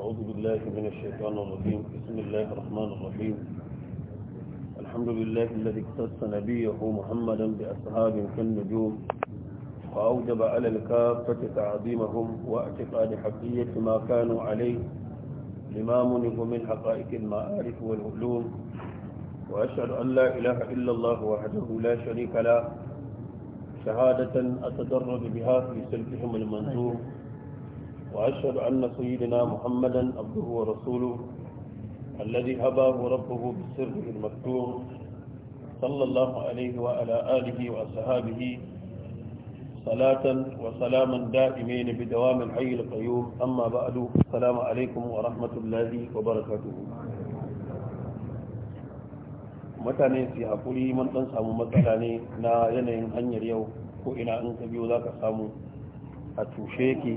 أعوذ بالله من الشيطان الرجيم بسم الله الرحمن الرحيم الحمد لله الذي اقتص نبيه محمدا بأصحاب كالنجوم وأوجب على الكافة تعظيمهم واعتقاد حقية ما كانوا عليه لما منه من حقائق المعارف والعلوم وأشهد أن لا إله إلا الله وحده لا شريك له شهادة أتدرج بها في سلكهم المنظوم وأشهد أن سيدنا محمدا عبده ورسوله الذي هباه ربه بالسر المكتوم صلى الله عليه وعلى آله وأصحابه صلاة وسلاما دائمين بدوام الحي القيوم أما بعد السلام عليكم ورحمة الله وبركاته mutane su haƙuri mun ɗan samu matsala ne na yanayin hanyar yau ko ina in ka biyo za ka samu a tushe yake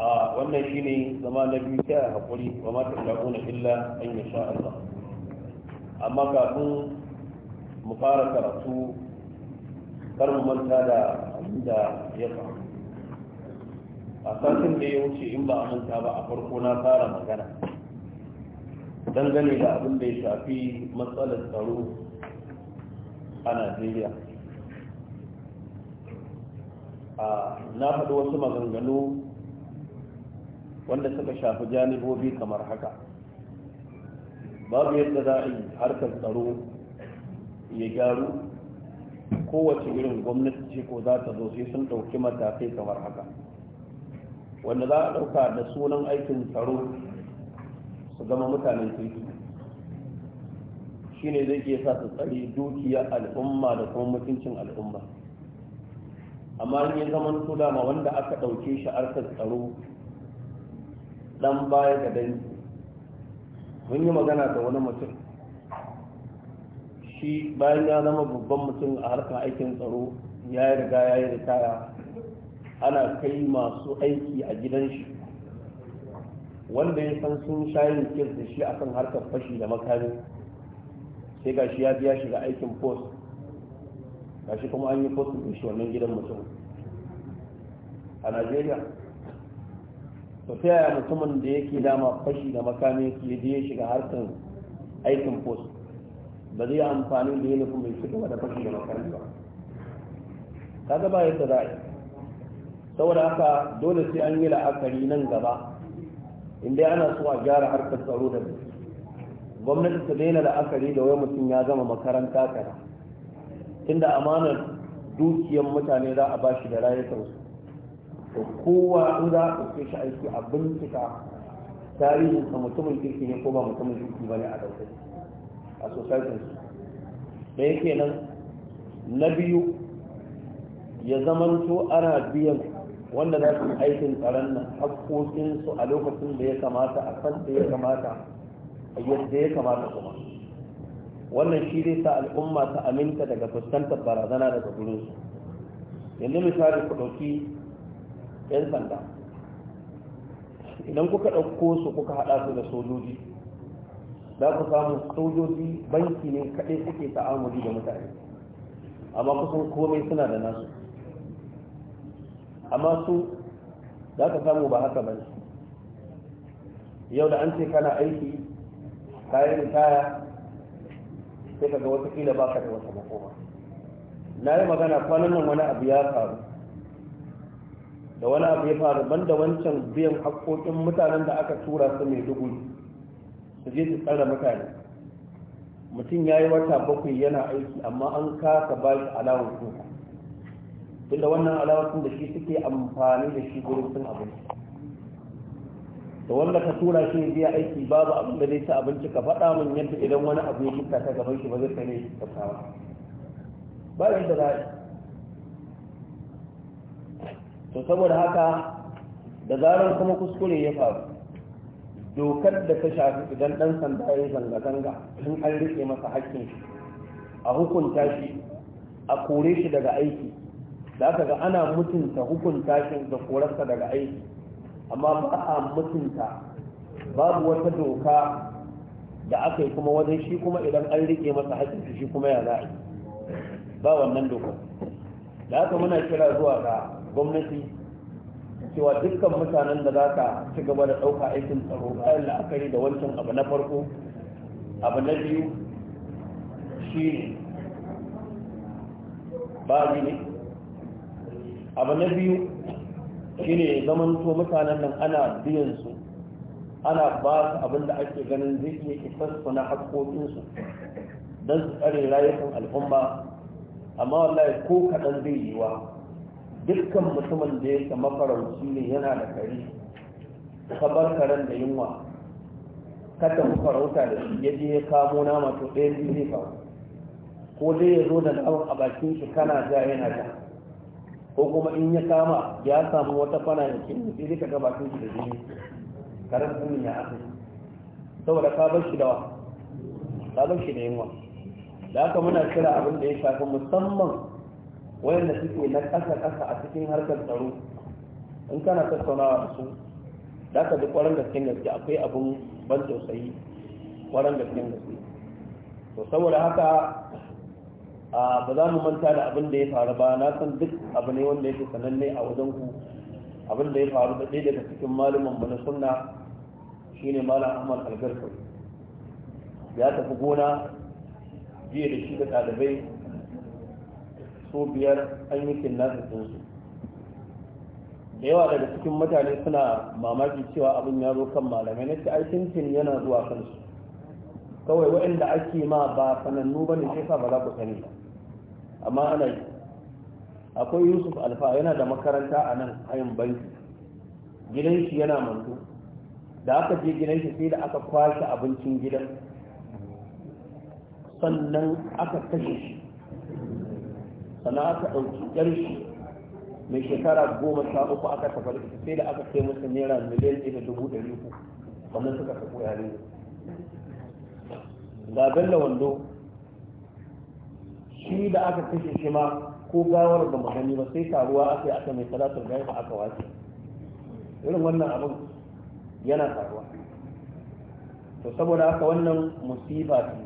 a wannan ne zama na biyu sai haƙuri wa ma tashauna illa an yasha Allah amma kafin mu fara karatu kar mu manta da da ya faru a satin da ya wuce in ba a manta ba a farko na fara magana gani da abin da ya shafi matsalar tsaro a najeriya na faɗi wasu maganganu wanda suka shafi janibobi kamar haka babu yadda za a yi harkar tsaro ya gyaru kowace irin gwamnati ce ko za ta zo sai sun ɗauki matakai kamar haka wanda za a ɗauka da sunan aikin tsaro su zama mutanen kirki shine zai ke sa su tsare dukiyar al'umma da kuma mutuncin al'umma amma in ya zaman su dama wanda aka ɗauke shi harkar tsaro dan baya ga dangi mun yi magana da wani mutum shi bayan ya zama babban mutum a harkar aikin tsaro ya yi riga ya yi ritaya ana kai masu aiki a gidan shi wanda ya san sun shayin kir da shi akan harkar fashi da makami sai ga shi ya biya shiga aikin post ga shi kuma an yi post da shi wannan gidan mutum a najeriya to ta yaya mutumin da yake dama fashi da makami ke je ya shiga harkar aikin post ba zai amfani da yin kuma ya shiga da fashi da makami ba ta zaba yadda za a yi saboda haka dole sai an yi la'akari nan gaba inda ana so a gyara harkar tsaro da gwamnati ta daina la'akari da wai mutum ya zama makaranta kana tunda amanar dukiyar mutane za a bashi da su da kowa in za a ɗauke shi aiki a bincika tarihin sa mutumin kirki ne ko ba mutumin kirki ba ne a ɗauke a society su da yake nan na biyu ya zamanto ana biyan wanda za su aikin tsaron nan hakkokinsu a lokacin da ya kamata a kan da ya kamata a yadda ya kamata kuma wannan shi dai sa al'umma ta aminta daga fuskantar barazana daga gurinsu yanzu misali ku ɗauki yan sanda idan kuka ɗauko su kuka haɗa su da sojoji za ku samu sojoji banki ne kaɗai suke ta'amuli da mutane amma kusan komai suna da nasu amma su za ka samu ba haka ba yau da an ce kana aiki kayan kaya sai ka ga watakila ba ka da wata makoma na yi magana kwanan nan wani abu ya faru da wani abu ya faru ban da wancan biyan haƙoƙin mutanen da aka tura su mai dugu su je su tsara mutane mutum ya yi wata bakwai yana aiki amma an kasa ba shi alawar tunda wannan alawar da shi suke amfani da shi gurin sun abinci da wanda ka tura shi biya aiki babu abin da zai ci abinci ka faɗa min yadda idan wani abu ya kika ta gaban shi ba zai ne shi ka ba yadda za a to saboda haka da zarar kuma kuskure ya faru dokar da ta shafi idan ɗan sanda ya zanga-zanga in an riƙe masa hakkin shi a hukunta shi a kore shi daga aiki da aka ga ana mutunta hukunta shi da korarsa daga aiki amma ba a mutunta babu wata doka da aka yi kuma wajen shi kuma idan an riƙe masa hakkin shi kuma ya za ba wannan doka da aka muna kira zuwa ga gwamnati cewa dukkan mutanen da za ka ci gaba da ɗauka aikin tsaro bayan la'akari da wancan abu na farko abu na biyu shi ne ba ne abu na biyu shi ne to mutanen nan ana biyan su ana ba su abin da ake ganin zai iya isassu na haƙoƙinsu don su tsare rayukan al'umma amma wallahi ko kaɗan zai yiwa dukkan mutumin da yake mafarauci ne yana da kare ka bar karen da yunwa ka ta farauta da shi ya ya kamo nama to ɗaya biyu zai faru ko dai ya zo da naman a bakin shi kana ja yana ja ko kuma in ya kama ya samu wata fana da ke nufi zai ga bakin shi da jini karen sun ya aka saboda ka bar shi da wa ka bar shi da yunwa da haka muna kira abin da ya shafi musamman wayanda suke na ƙasa kasa a cikin harkar tsaro in kana tattaunawa da su za ka ji kwaran gaske gaske akwai abun ban tausayi kwaran gaske gaske to saboda haka a ba za mu manta da abin da ya faru ba na san duk abu ne wanda yake sananne a wajen ku abin da ya faru da ɗaya daga cikin malumin mu na sunna shine malam ahmad algarkar ya tafi gona jiya da shi da ɗalibai Su biyar an yi kinnasa ɗinsu da yawa daga cikin mutane suna mamaki cewa abin ya zo kan malamai na ce aikin yana zuwa kansu kawai waɗanda ake ma ba sanannu ba ne sai sa ba za ku sani amma ana yi akwai yusuf alfa yana da makaranta a nan hayan banki gidan shi yana mantu da aka je gidan shi sai da aka kwashe abincin gidan sannan aka kashe shi sannan aka ɗauki ƙarshi mai shekara goma sha uku aka tafi da sai da aka kai masa naira miliyan ɗaya da dubu ɗari uku sannan suka tafi yare ga bella wando shi da aka kashe shi ma ko gawar ba magani ba sai taruwa aka yi aka mai salatar da yamma aka wace irin wannan abin yana taruwa to saboda aka wannan musiba ce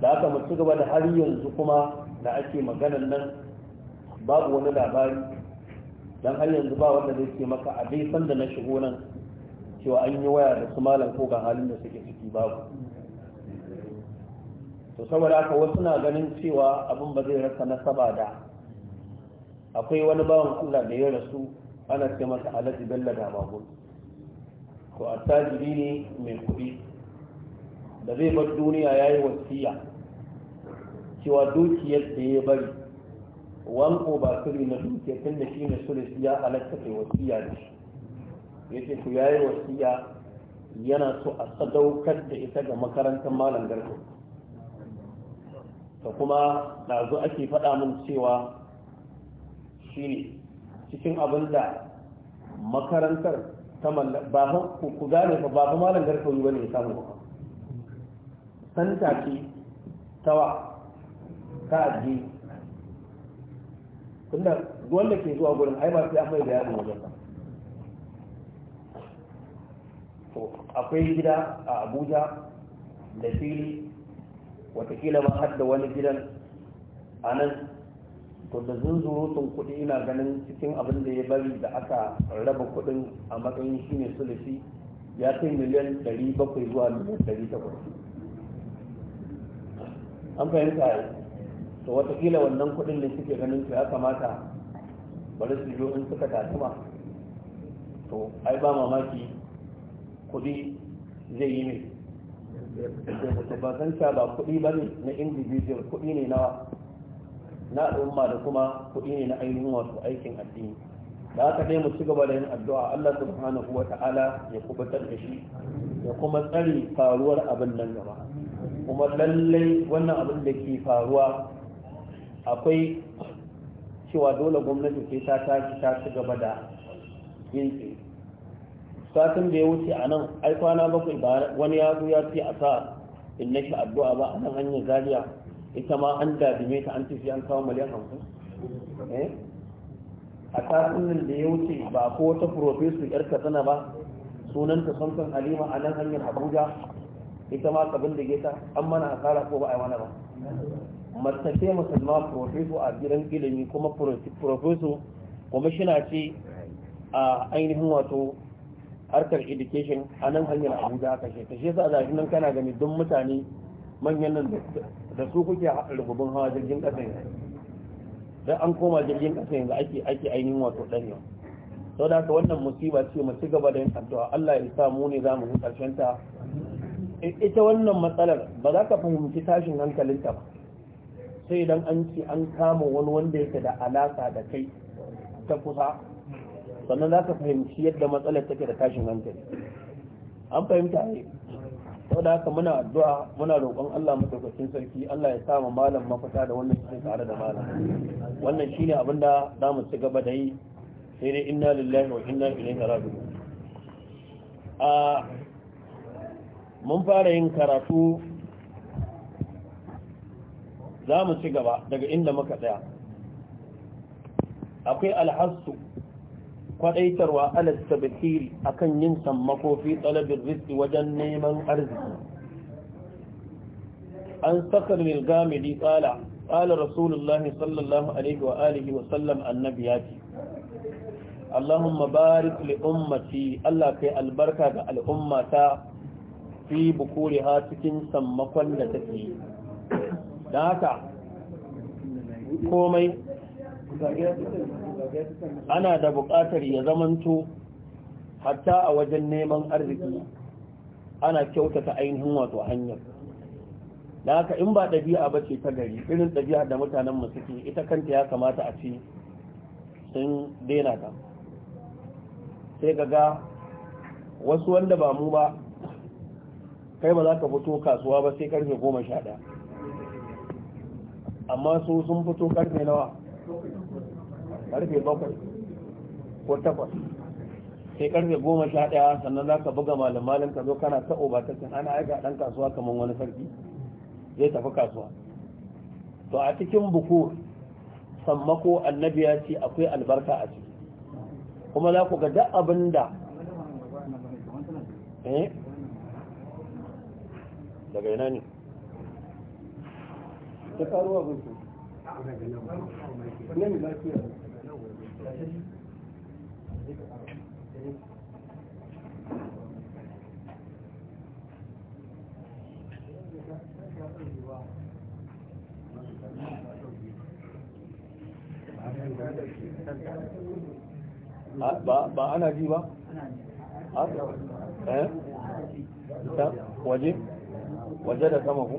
da aka mutu gaba da har yanzu kuma da ake maganan nan babu wani labari don har yanzu ba wanda zai ce maka a dai sanda na shigo nan cewa an yi waya da su malam ko ga halin da suke ciki babu to saboda haka wasu na ganin cewa abin ba zai rasa nasaba da akwai wani bawan kula da ya rasu ana ce masa alaji bella da magun ko attajiri ne mai kuɗi da zai bar duniya ya yi wasiya cewa dukiyar da ya bari wan over suri na dukiyar tun da shi ne suri ya alaƙa da wasiya da shi ya ce ku yayi wasiya yana so a sadaukar da ita ga makarantar malam garko ta kuma ɗazu ake faɗa min cewa shi ne cikin abin da makarantar ta mallaka ku gane fa ba fa malam garko yi wani ya samu ba san take tawa ta addini tunda wanda ke zuwa gurin ai ba sai an mai yaro wajen ba to akwai gida a abuja da fili watakila ma har da wani gidan a nan to da zunzurutun kuɗi ina ganin cikin abin da ya bari da aka raba kuɗin a matsayin shine sulusi ya kai miliyan 700 zuwa miliyan 800 an fahimta to watakila wannan kudin da suke ganin su ya kamata bari su zo in suka tasuma to ai ba mamaki kuɗi zai yi ne da ba san ba kuɗi ba na individual kuɗi ne nawa na al'umma da kuma kuɗi ne na ainihin wasu aikin addini da aka dai mu ci gaba da yin addu'a Allah subhanahu wa ta'ala ya kubutar da shi ya kuma tsari faruwar abin nan gaba kuma lallai wannan abin da ke faruwa akwai cewa dole gwamnati sai ta tashi ta ci gaba da yin satin da ya wuce a nan ai kwana bakwai ba wani ya zo ya ce a sa in na shi addu'a ba a nan hanyar zariya ita ma an dadime ta an tafi an kawo miliyan hamsin eh? a nan da ya wuce ba ko wata profesa yar katsina ba sunanta samson halima a nan hanyar abuja ita ma kabin da geta an mana kara ko ba a yi mana ba matace musulma profeso a gidan ilimi kuma profeso kwamishina ce a ainihin wato harkar education a nan hanyar abuja aka ce ta shi yasa zafi nan kana gani don mutane manyan nan da su kuke rububin hawa jirgin ƙasa yanzu don an koma jirgin ƙasa yanzu ake ainihin wato ɗari sau da haka wannan musiba ce mu ci gaba da yin addu'a Allah ya sa mu ne za mu yi ƙarshen ta ita wannan matsalar ba za ka fahimci tashin hankalinta ba sai idan an ce an kama wani wanda yake da alaka da kai ta kusa sannan za ka fahimci yadda matsalar take da tashin hankali an fahimta ne sau da haka muna addu'a muna roƙon Allah madaukakin sarki Allah ya sama malam mafita da wannan cikin tare da malam wannan shine abin da za mu ci gaba da yi sai dai inna lillahi wa inna ilaihi raji'un ah, mun fara yin karatu za mu ci gaba daga inda muka tsaya akwai alhassu kwadaitarwa alas tabtiri akan yin sammako fi talabin wajen neman arziki an sakar lil gamidi tsala, qala rasulullah sallallahu alaihi wa alihi wa sallam annabi ce. allahumma barik li ummati allah kai albarka ga al'ummata fi bukuriha cikin sammakon da take da haka komai ana da buƙatar ya zamanto hatta a wajen neman arziki ana kyautata ainihin wato hanyar da haka in ba ɗabi'a ba ce ta gari irin ɗabi'a da mutanen suke ita kanta ya kamata a ce sun daina ta sai gaga wasu wanda ba mu ba kai ba za ka fito kasuwa ba sai karfe goma sha ɗaya amma su sun fito karfe nawa karfe bakwai ko takwas sai karfe goma sha ɗaya sannan za ka buga malamalin ka zo kana ta cin ana aika ɗan kasuwa kamar wani sarki zai tafi kasuwa to a cikin buku sammako annabi ya ce akwai albarka a ciki kuma za ku ga duk abin da eh? daga yana ne da faruwa ba su nan lafiya ah, ba ana ji ba? Ah, eh? waje? waje da sama ku?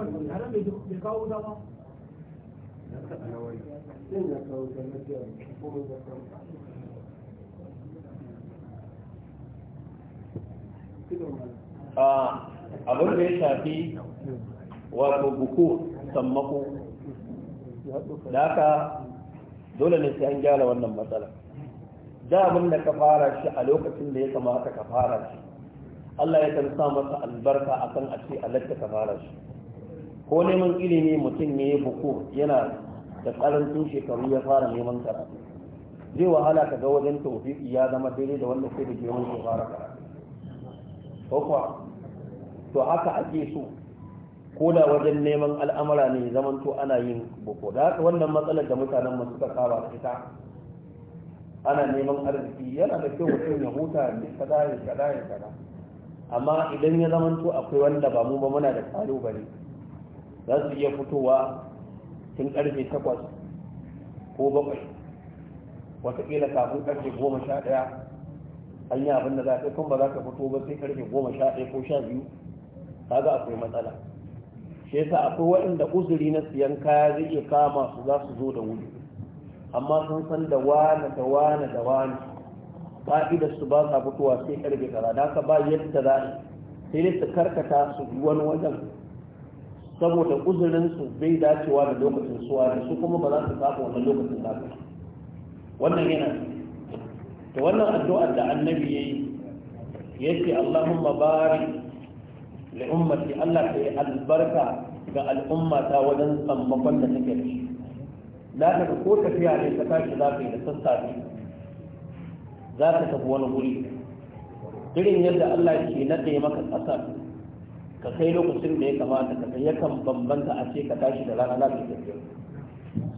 abin da ya shafi wato buku sammako da dole ne sai an gyara wannan matsala da abin da ka fara shi a lokacin da ya kamata ka fara shi Allah ya kan sa masa albarka akan a ce alatta ka fara shi ko neman ilimi mutum ya yi buku yana da karancin shekaru ya fara neman karatu zai wahala ka ga wajen tofiki ya zama daidai da wanda sai da ke wani fara karatu ko to haka ake so ko da wajen neman al'amura ne zaman to ana yin buku da haka wannan matsalar da mutanen mu suka saba da ita ana neman arziki yana da kyau mutum ya huta ya kada ya kada ya kada amma idan ya to akwai wanda ba mu ba muna da kalubale za su iya fitowa tun karfe takwas ko bakwai wataƙila kafin karfe goma sha ɗaya an yi abin da za ka kuma ba za ka fito ba sai karfe goma sha ɗaya ko sha biyu kaga akwai matsala shi yasa akwai waɗanda uzuri na siyan kaya zai iya kama su za su zo da wuri amma sun san da wane da wane da wane fa'idar su ba sa fitowa sai karfe kaza da haka ba yadda za a sai dai su karkata su wani wajen saboda uzurinsu bai dacewa da lokacin suwa da su kuma ba za su samu wannan lokacin ba wannan yana da wannan addu'ar da annabi ya yi ya ce allahumma bari li ummati allah ta yi albarka ga al'umma ta wajen tsammakon da take da shi za ka ko tafiya ne ka tashi za ka yi da sassafe za ka tafi wani guri irin yadda allah ke naɗe maka ƙasa ka kai lokacin da ya kamata ka kai yakan bambanta a ce ka tashi da rana lafiya tafiya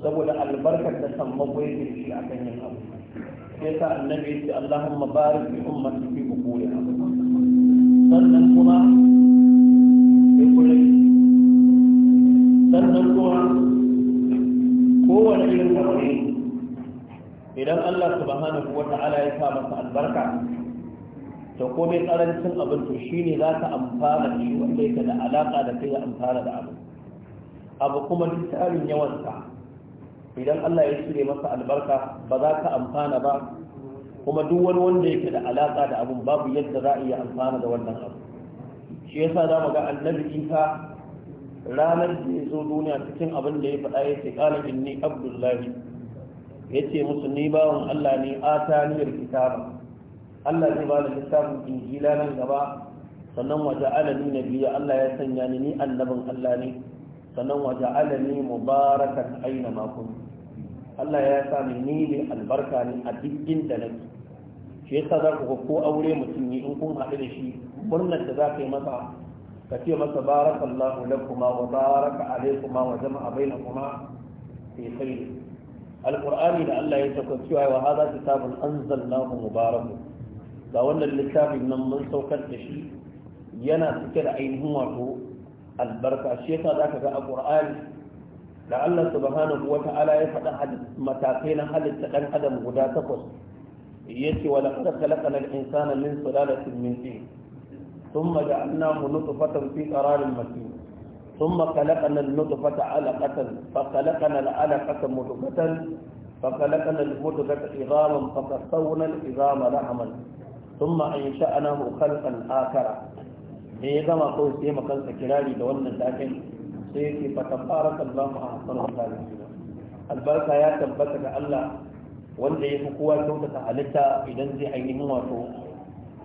saboda albarkar da samman gwaikin shi a kan yin abu sai sa annabi ya ce Allahumma barik li ummati fi quburiha sannan kuma sai kula sannan kuma kowane irin abu idan Allah subhanahu wa ta'ala ya sa masa albarka Da komai karancin abin to shine za ka amfana da shi wanda yake da alaka da kai amfana da abin. abu kuma duk yawansa idan Allah ya cire masa albarka ba za ka amfana ba kuma duk wani wanda yake da alaka da abin babu yadda za a iya amfana da wannan abu shi yasa za mu ga annabi isa ranar da ya zo duniya cikin abin da ya faɗa ya ce ƙala inni abdullahi ya ce musu ni bawan allah ne a taniyar kitaba Allah zai ba da littafin injila nan gaba sannan waje alani nabiya Allah ya sanya ni ni annabin Allah ne sannan waje alani mubarakan aina makon Allah ya sa ni ni ne albarka ne a duk inda nake shi yasa za ku ko aure mutum ne in kun haɗu da shi murnar da za ka yi masa ka ce masa barakallahu lakuma wa baraka alaikuma wa jama'a bainakuma fi khair alqur'ani da Allah ya saka cewa wa hadha kitabun anzalnahu mubarakun ga wannan littafin nan mun saukar da shi yana cike da ainihin wato albarka shi yasa zaka ga a Qur'ani da Allah subhanahu wata'ala ya faɗa matakai na halitta ɗan adam guda takwas ya yace wa laqad khalaqna al-insana min sulalatin min tin thumma ja'alnahu nutfatan fi qararin makin thumma khalaqna an-nutfata 'alaqatan fa khalaqna al-'alaqata mudghatan فخلقنا المدغة عظاما فقسونا العظام لحما ثم أنشأناه خلقا آخر me ya gama kawai sai makansa kirari da wannan takin sai yake fatafarar Allah a hasanar tarihi albarka ya tabbata ga Allah wanda ya fi kowa kyautata halitta idan zai ainihin wato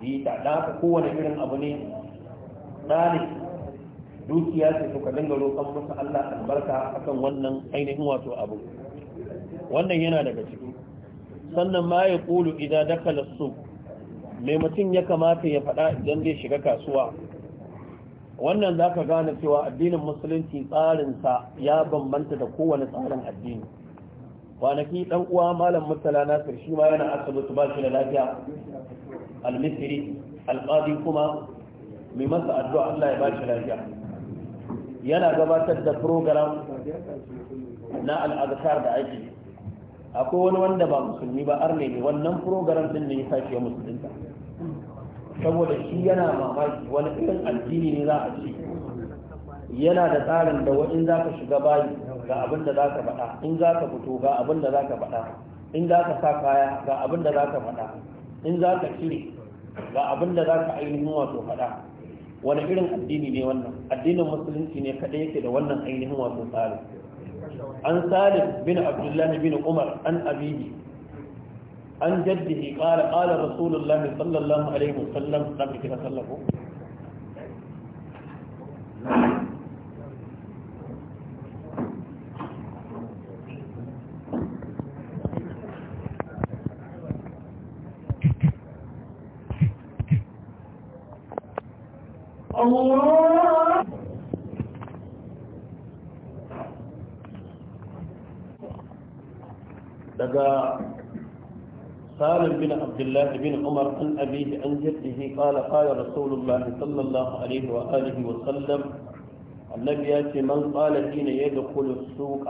yi ta ɗaka kowane irin abu ne ɗane dukiya ce to ka dinga roƙon maka Allah albarka akan wannan ainihin wato abu wannan yana daga ciki sannan ma ya kulu idan dakala su mai mutum ya kamata ya faɗa idan zai shiga kasuwa wannan za ka gane cewa addinin musulunci tsarinsa ya bambanta da kowane tsarin addini kwanaki ɗan uwa malam murtala nasir shi ma yana asibiti ba shi da lafiya almisiri alƙadi kuma mai masa addu'a Allah ya ba shi lafiya yana gabatar da program na al'adukar da ake akwai wani wanda ba musulmi ba arne ne wannan program din ne ya sake musulunta saboda shi yana mamaki wani irin addini ne za a ce yana da tsarin da in za ka shiga bayi ga abin da za ka faɗa in za ka fito ga abin da za ka faɗa in za ka sa kaya ga abin da za ka faɗa in za ka cire ga abin da za ka ainihin wato faɗa wani irin addini ne wannan addinin musulunci ne kaɗai yake da wannan ainihin wato tsarin an salim bin abdullahi bin umar an abibi عن جده قال قال رسول الله صلى الله عليه وسلم قبل كده صلى الله عليه وسلم عبد الله بن عمر عن أبيه عن جده قال قال رسول الله صلى الله عليه وآله وسلم النبي ياتي من قال حين يدخل السوق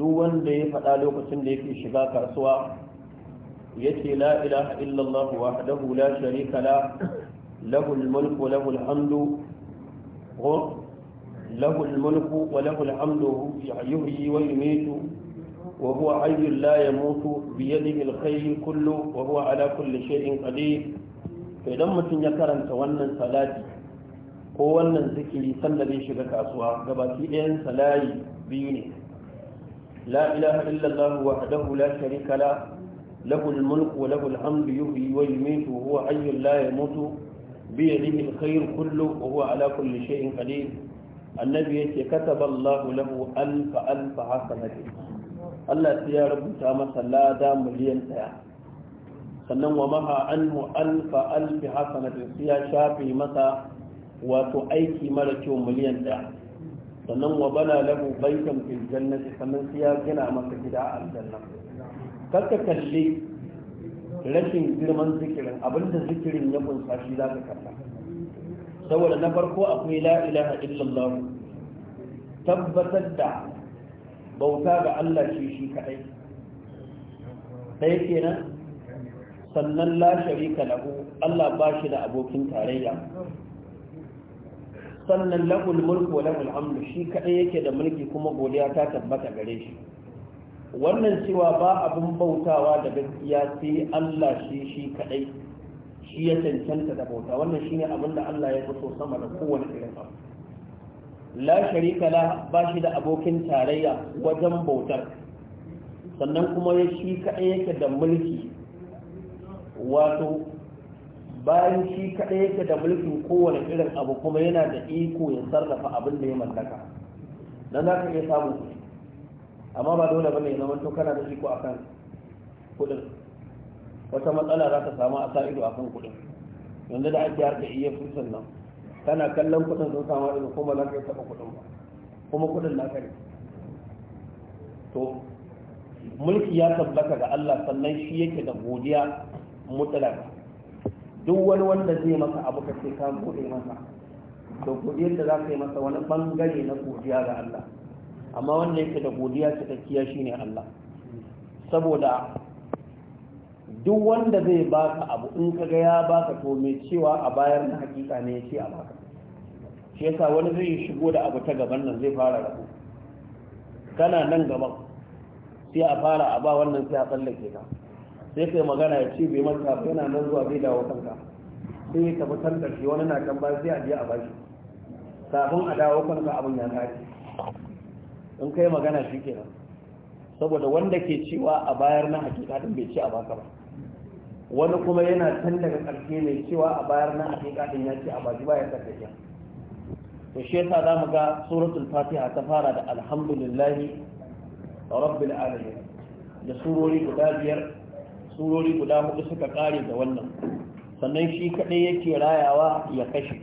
دون دي فتالوك سندي في شباك أسواق يتي لا إله إلا الله وحده لا شريك له له الملك وله الحمد له الملك وله الحمد يحيي ويميت وهو حي لا يموت بيده الخير كله وهو على كل شيء قدير idan mutum ya karanta wannan salati ko wannan zikiri sanda shiga kasuwa gabaki ɗayan salayi biyu ne la ilaha illallah wahdahu la sharika la lahu mulku wa lahu al-hamdu yuhyi wa yumiitu huwa hayyun la yamutu bi yadihi al-khayr kullu wa huwa ala annabi yace kataba Allahu alfa alfa Allah sai ya rubuta masa lada miliyan ɗaya sannan wa maha an alfa alfi hasanatin sai ya shafe masa wato aiki mara kyau miliyan ɗaya sannan wa bana lahu baitan fil jannati sannan sai ya gina masa gida a aljanna kakka kalli rashin girman zikirin abinda zikirin ya kunsa shi za ka kalla saboda na farko akwai la ilaha illallah tabbatar da bauta ga Allah shi shi kadai ɗaya kenan sannan la sharika lahu Allah ba shi da abokin tarayya sannan lahul mulku wa lahul shi kadai yake da mulki kuma godiya ta tabbata gare shi wannan cewa ba abin bautawa da gaskiya sai Allah shi shi kadai shi ya cancanta da bauta wannan shine abin da Allah ya fito sama da kowane irin abu la sharika la ba shi da abokin tarayya wajen bautar sannan kuma ya shi kaɗai yake da mulki wato bayan shi kaɗai yake da mulkin kowane irin abu kuma yana da iko ya sarrafa abin da ya mallaka don za ka iya samu amma ba dole bane ya zama to kana da iko akan kuɗin wata matsala za ka samu a sa ido akan kuɗin yanzu da ake harka iya e fursun nan kana kallon kuɗin sun samu ido kuma za ka yi taɓa kuɗin ba kuma kuɗin na kai to mulki ya tabbata ga Allah sannan shi yake da godiya mutlaka duk wani wanda zai masa abu ka ce ka bude masa to godiya da za ka yi masa wani bangare na godiya ga Allah amma wanda yake da godiya cikakkiya shine Allah saboda duk wanda zai baka abu in kaga ya baka to mai cewa a bayar na hakika ne ce a baka shi yasa wani zai yi shigo da abu ta gaban nan zai fara rabu kana nan gaban sai a fara a ba wannan sai a tsallake ka sai kai magana ya ce bai manta ba yana nan zuwa zai dawo kanka sai ya tafi da shi wani na kan ba sai a je a bashi kafin a dawo kanka abin ya kare in kai magana shi kenan saboda wanda ke cewa a bayar na hakika din bai ce a baka ba wani kuma yana can daga karshe ne cewa a bayar na hakika din ya ce a baki ba ya ya to shi yasa za mu ga suratul fatiha ta fara da alhamdulillahi rabbil alamin da surori guda biyar surori guda hudu suka kare da wannan sannan shi kadai yake rayawa ya kashe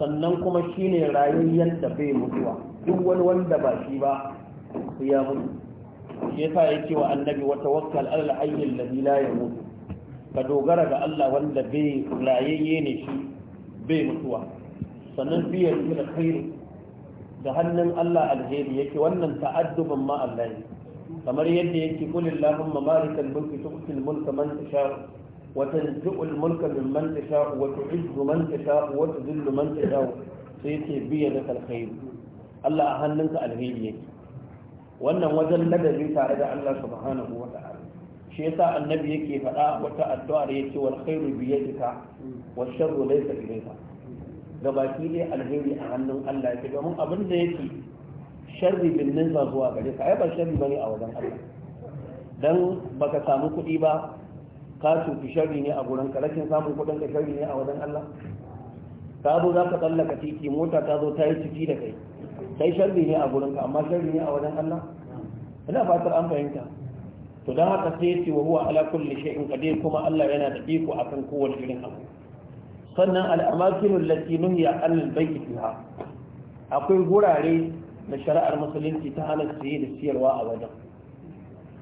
sannan kuma shine rayayyen da bai mutuwa duk wani wanda ba shi ba ya mutu shi yasa yake wa annabi wa tawakkal ala al-hayy alladhi la yamut ka dogara ga Allah wanda bai layayye ne shi bai mutuwa sannan biya da khairi da hannun Allah alheri yake wannan ta'adduban ma Allah ne kamar yadda yake qul allahumma malikal mulki tu'til mulka man tasha wa tanzi'ul mulka mimman tasha wa tu'izzu man tasha wa tudhillu man tasha sai yake biya da alheri Allah a hannunka alheri yake wannan wajen ladabi tare da Allah subhanahu wa ta'ala shi yasa annabi yake faɗa wata addu'ar yake wal khairu bi yadika wa sharru laysa ilayka gabaki ne alheri a hannun Allah yake domin abin da yake sharri bin nan zuwa gare ka ai ba sharri bane a wajen Allah dan baka samu kuɗi ba ka cuci sharri ne a gurin ka rashin samun kuɗin ka sharri ne a wajen Allah ka zo za ka tsallaka titi mota ta zo ta yi ciki da kai kai sharri ne a gurinka amma sharri ne a wajen Allah ina fatar an fahimta to dan haka sai yace wa huwa ala kulli shay'in qadir kuma Allah yana da iko akan kowace irin abu sannan al-amakin allati nuhiya an al-bayt fiha akwai gurare na shari'ar musulunci ta hana saye da siyarwa a wajen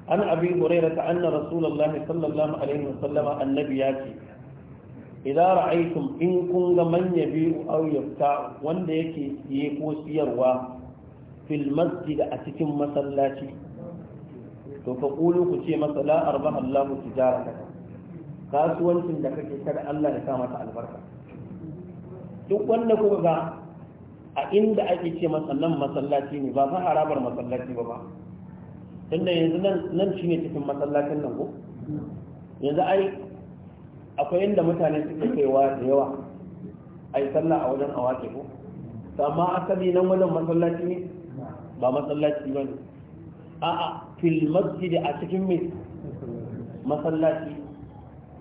an abi hurairata anna rasulullahi sallallahu alaihi wasallam annabi ya ce idan ra'aytum in kun ga man yabi'u aw wanda yake yi ko siyarwa fil masjid a cikin masallaci to fa qulu ku ce masa la Allah tijarata kasuwancin da kake kada Allah ya sa mata albarka duk wanda kuka ga a inda ake ce masa nan masallaci ne ba san harabar masallaci ba ba tunda yanzu nan nan shine cikin masallacin nan ko yanzu ai akwai inda mutane suke kaiwa da yawa a yi sallah a wajen awaki ko amma asali nan wajen masallaci ne ba masallaci ba ne a'a fil masjid a cikin mai masallaci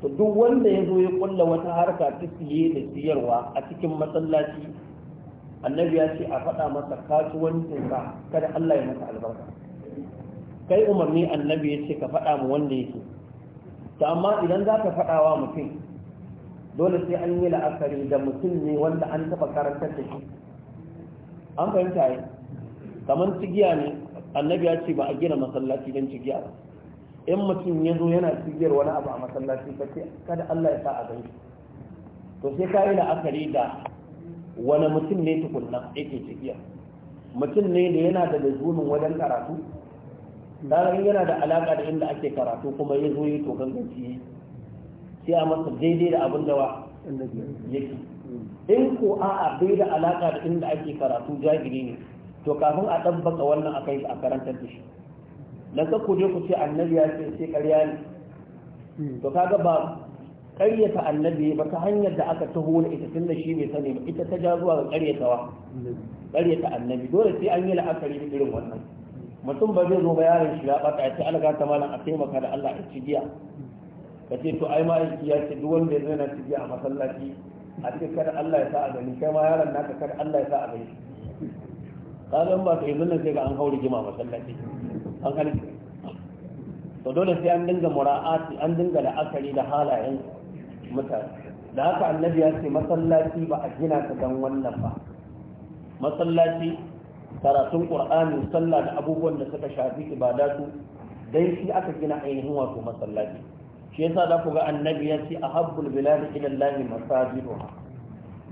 to duk wanda ya zo ya kulla wata harka ta siye da siyarwa a cikin masallaci annabi ya ce a faɗa masa kasuwancin ba, kada Allah ya masa albarka kai umarni annabi ya ce ka faɗa mu wanda yake to amma idan za ka faɗa wa mutum dole sai an yi la'akari da mutum ne wanda an taɓa karantar da shi an fahimta yi kamar cigiya ne annabi ya ce ba a gina masallaci don cigiya ba in mutum ya zo yana cigiyar wani abu a masallaci ba ce kada Allah ya sa a gani to sai ka yi la'akari da wani mutum ne tukunna yake cigiya mutum ne da yana da lazumin wajen karatu kaga yana da alaka da inda ake karatu kuma ya zo yi to ganganci sai a masa daidai da abin da wa yake in ko a'a bai da alaka da inda ake karatu jagiri ne to kafin a tabbata wannan a kai a karantar da shi dan ka ku je ku ce annabi ya ce sai ƙarya ne to kaga ba ƙaryata annabi ba ta hanyar da aka taho na ita tun da shi bai sani ba ita ta ja zuwa ga ƙaryatawa ƙaryata annabi dole sai an yi la'akari da irin wannan mutum ba zai zo ba yaron shi ya bata ya ce alga ta malam a taimaka da Allah a cibiya ka ce to ai ma'aiki ya ce duk wanda ya zai na a masallaci a ce kada Allah ya sa a gani kai ma yaron naka kada Allah ya sa a gani kalan ba sai nan sai ga an hauri jima masallaci an halin to dole sai an dinga mura'ati an dinga la'akari da halayen mutane da haka annabi ya ce masallaci ba a gina ta dan wannan ba masallaci karatun ƙur'ani, sallah da abubuwan da suka shafi ibadatu dai shi aka gina ainihin wato masallaci shi yasa za ku ga annabi ya ce ahabbul bilad ila Allah masajiduha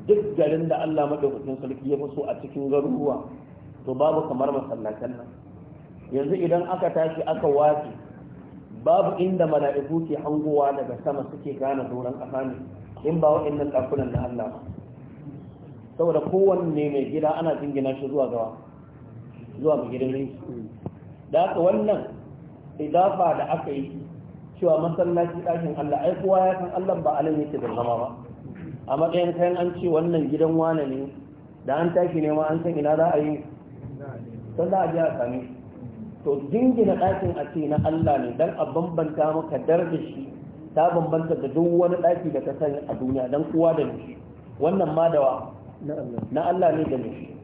duk garin da Allah madaukakin sarki ya so a cikin garuruwa to babu kamar masallatan nan yanzu idan aka tashi aka wace babu inda mala'iku ke hangowa daga sama suke gane doron ƙasa ne in ba waɗannan ɗakunan na Allah ba saboda kowanne mai gida ana jingina shi zuwa gaba. zuwa ga gidan rinki da haka wannan idafa da aka yi cewa masallaci ɗakin Allah ai kowa ya san Allah ba alam yake da zama ba a matsayin kayan an ce wannan gidan wane ne da an tashi ne an san ina za a yi sai za a ji a sami to jingina ɗakin a ce na Allah ne dan a bambanta maka da shi ta bambanta da duk wani ɗaki da ka sani a duniya dan kowa da shi wannan ma dawa na Allah ne da shi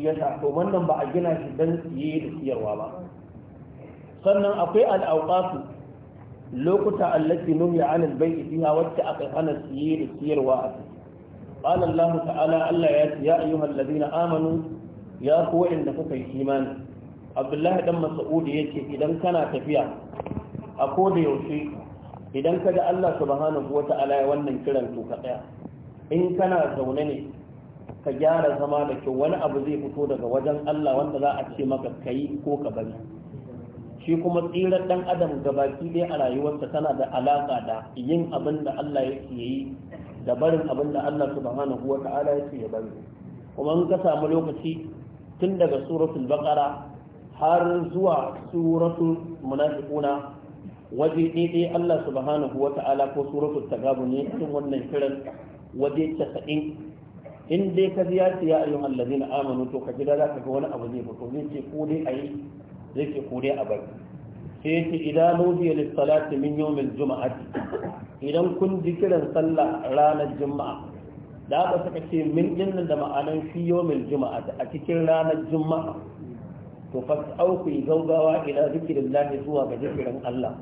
shi to wannan ba a gina shi dan siye da siyarwa ba sannan akwai al'auqatu lokuta allati nuhiya an al-bay'i wacce aka hana siye da siyarwa a ciki qala Allah ta'ala Allah ya ya ayyuhal ladina amanu ya ku wa'inda kuka yi imani Abdullahi dan Mas'ud yake idan kana tafiya a koda yaushe idan ka ga Allah subhanahu wata'ala ya wannan kiran to ka tsaya in kana zaune ne ka gyara zama da kyau wani abu zai fito daga wajen Allah wanda za a ce maka yi ko ka bari shi kuma tsirar dan adam baki dai a rayuwarsa tana da alaka da yin abin da Allah yake yi da barin abin da Allah subhanahu wa ta'ala yake ya bari kuma in ka samu lokaci tun daga suratul baqara har zuwa suratul munafiquna waje daidai Allah subhanahu wa ta'ala ko suratul tagabun ne cikin wannan kiran waje 90 in dai ka ya ce ya ayyuhan allazina amanu to ka gida zaka ga wani abu zai fito zai ce ko dai ayi zai ce ko dai a bari sai yace idan nudiya lis salati min yawmil juma'ati idan kun ji kiran sallah ranar juma'a da aka saka ce min dinnan da ma'anan fi yawmil juma'ati a cikin ranar juma'a to fas'au ku gaugawa ila zikrillahi zuwa ga zikirin Allah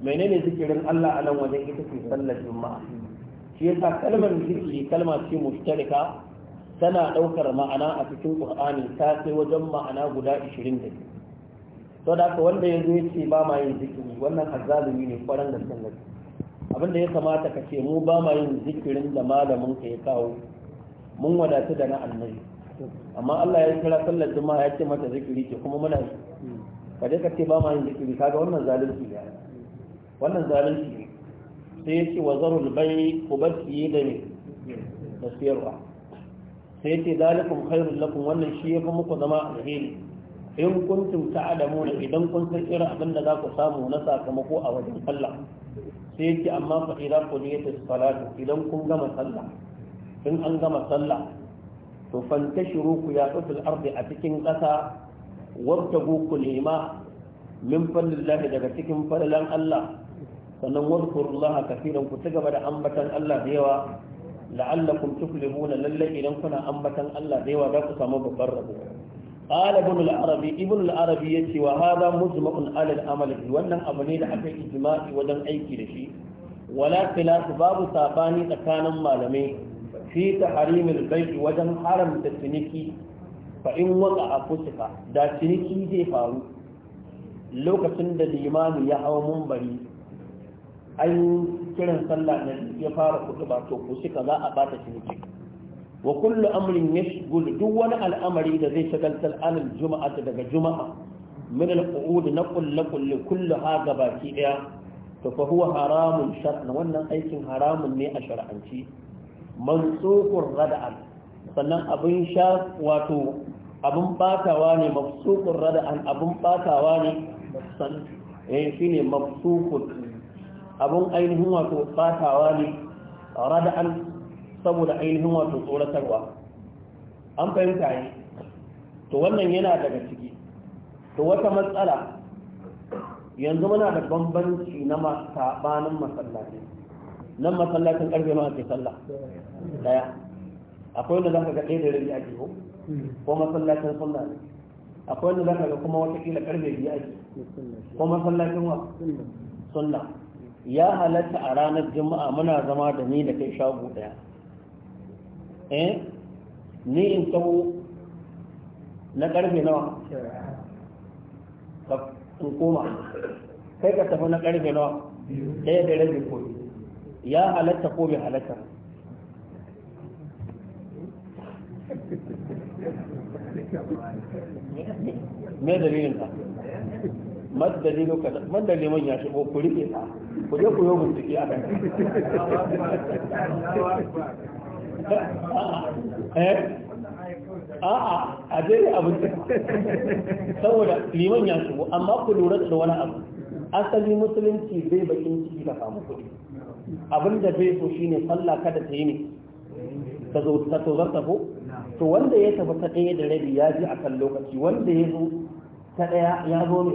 menene zikirin Allah a nan wajen ita ce sallar juma'a shi yasa kalmar zikiri kalma ce mushtarika tana ɗaukar ma'ana a cikin qur'ani ta sai wajen ma'ana guda 20 to da haka wanda ya zo ya ce ba ma yin zikiri wannan azzalumi ne kwaran da sun gaske abin da ya kamata ka ce mu ba ma yin zikirin da malamin ka ya kawo mun wadatu da na annabi amma Allah ya kira sallar juma'a ya ce mata zikiri ke kuma muna ka je ka ce ba ma yin zikiri kaga wannan zalunci ne wannan zalunci ne sai ce wa zarul bai ku bar da ne da siyarwa sai yace dalikum khairul lakum wannan shi yafi muku zama alheri in kuntum ta'lamuna idan kun san irin abin da za ku samu na sakamako a wajen Allah sai ce amma fa idan ku ne ta salatu idan kun gama sallah in an gama sallah to fantashiru ku ya fil ardi a cikin ƙasa wabtagu ku nema min fadlillahi daga cikin fadlan Allah sannan wadkurullaha kafiran ku ci gaba da ambatan Allah da yawa la'allakum tuflihuna lallai idan kuna ambatan Allah da yawa za ku samu babbar rabo qala ibn al-arabi ibn al-arabi yace wa hadha mujma'un 'ala al-amal wannan abu ne da aka ijma'i wajen aiki da shi wala khilaf babu sabani tsakanin malamai fi tahrim al wajen haramta ciniki fa in waka a da ciniki zai faru lokacin da limami ya hawa mumbari an kiran sallah nan ya fara kudu ba to ku shika za a bata shi ne wa kullu amrin yashghul duk wani al'amari da zai shagaltar alal juma'a daga juma'a min al-qu'ud na kullu kullu kullu ha baki daya to fa huwa haramun shar'an wannan aikin haramun ne a shar'anci mansukur rada'an sannan abin sha wato abin batawa ne mafsukur rada'an abin batawa ne san eh shine mafsukun abun ainihin wato fatawa ne rada'an saboda ainihin wato tsoratarwa an fahimta yi to wannan yana daga ciki to wata matsala yanzu muna da bambanci na masabanin masallaci nan masallacin karfe ma ake sallah daya akwai wanda zaka ga ɗaya da rabi ke ko masallacin sunna ne akwai wanda zaka ga kuma wata ƙila karfe biyu ke ko masallacin wa sunna ya halatta a ranar juma'a muna zama da ni da kai shago daya eh ni in taho na karfe nawa in koma kai ka tafi na karfe nawa ɗaya da rabin ko ya halatta ko bai halatta me dalilin ka maddali lokacin maddali man ya ko ku rike ta ku je ku yi bincike a kan eh? a'a a je ne abin saboda liman ya shigo amma ku lura da wani abu asali musulunci bai bakin ciki ka samu kuɗi abinda bai so shine sallah kada ta yi ne ta zo ta to zarta ko to wanda ya tafi ta ɗaya da rabi ya ji a kan lokaci wanda ya zo ta ɗaya ya zo ne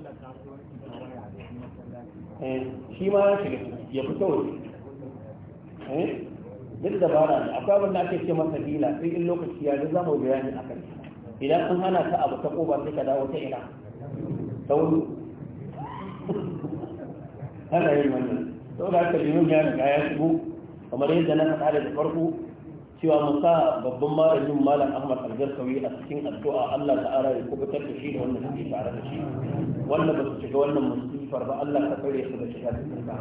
Eh, shi ma ya shiga ya fito waje eh, duk dabara ne akwai abin da ake ce masa dila sai in lokaci ya za mu bayani a kai, idan an hana ta abu ta koba sai ka dawo ta ina ta wuri hana yin sau da haka limin ya riga ya shigo kamar yadda na faɗa da farko cewa mun musa babban malamin malam ahmad algarkawi a cikin addu'a allah ta'ala ya kubutar da shi da wannan suke tare da shi wanda ba su shiga wannan musulmi sifar ba Allah ka tsare su da shiga cikin ka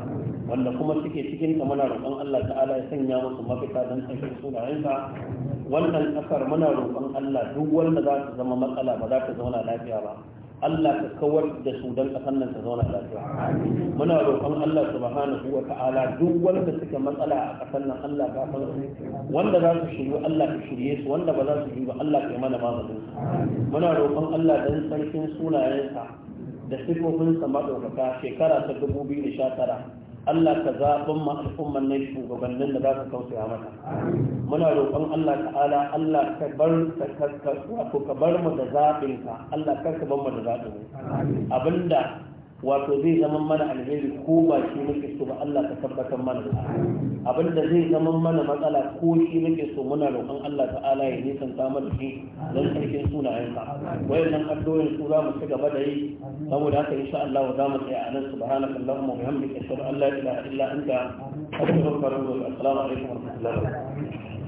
wanda kuma suke cikin ka muna roƙon Allah ta'ala ya sanya musu mafita don da sunayensa wannan kasar muna roƙon Allah duk wanda za ta zama matsala ba za ta zauna lafiya ba Allah ka kawar da su don ƙasar nan ta zauna lafiya muna roƙon Allah subhanahu wa ta'ala duk wanda suke matsala a kasan nan Allah ka san su wanda za su shiru, Allah ka shirye su wanda ba za su yi ba Allah ka yi mana maganin su muna roƙon Allah don sarkin sunayensa da sifofin sama ɗaukaka shekara ta 2019 Allah ka zaɓin ma al'umman nan shugabannin da za ka tausaya mata muna roƙon Allah ta'ala Allah ka bar ka bar mu da ka Allah kar ka bar mu da zaɓin abinda wato zai zama mana alheri ko ba shi muke so ba Allah ka tabbatar mana da abinda zai zama mana matsala ko shi muke so muna roƙon Allah ta'ala ya yi nisan samar da shi don sarkin sunayensa wayannan addu'o'in su za mu ci gaba da yi saboda haka insha Allah za mu tsaya a nan subhanaka allahumma wa bihamdika ashhadu an la ilaha illa anta astaghfiruka wa atubu ilaik assalamu alaikum wa rahmatullahi wa barakatuh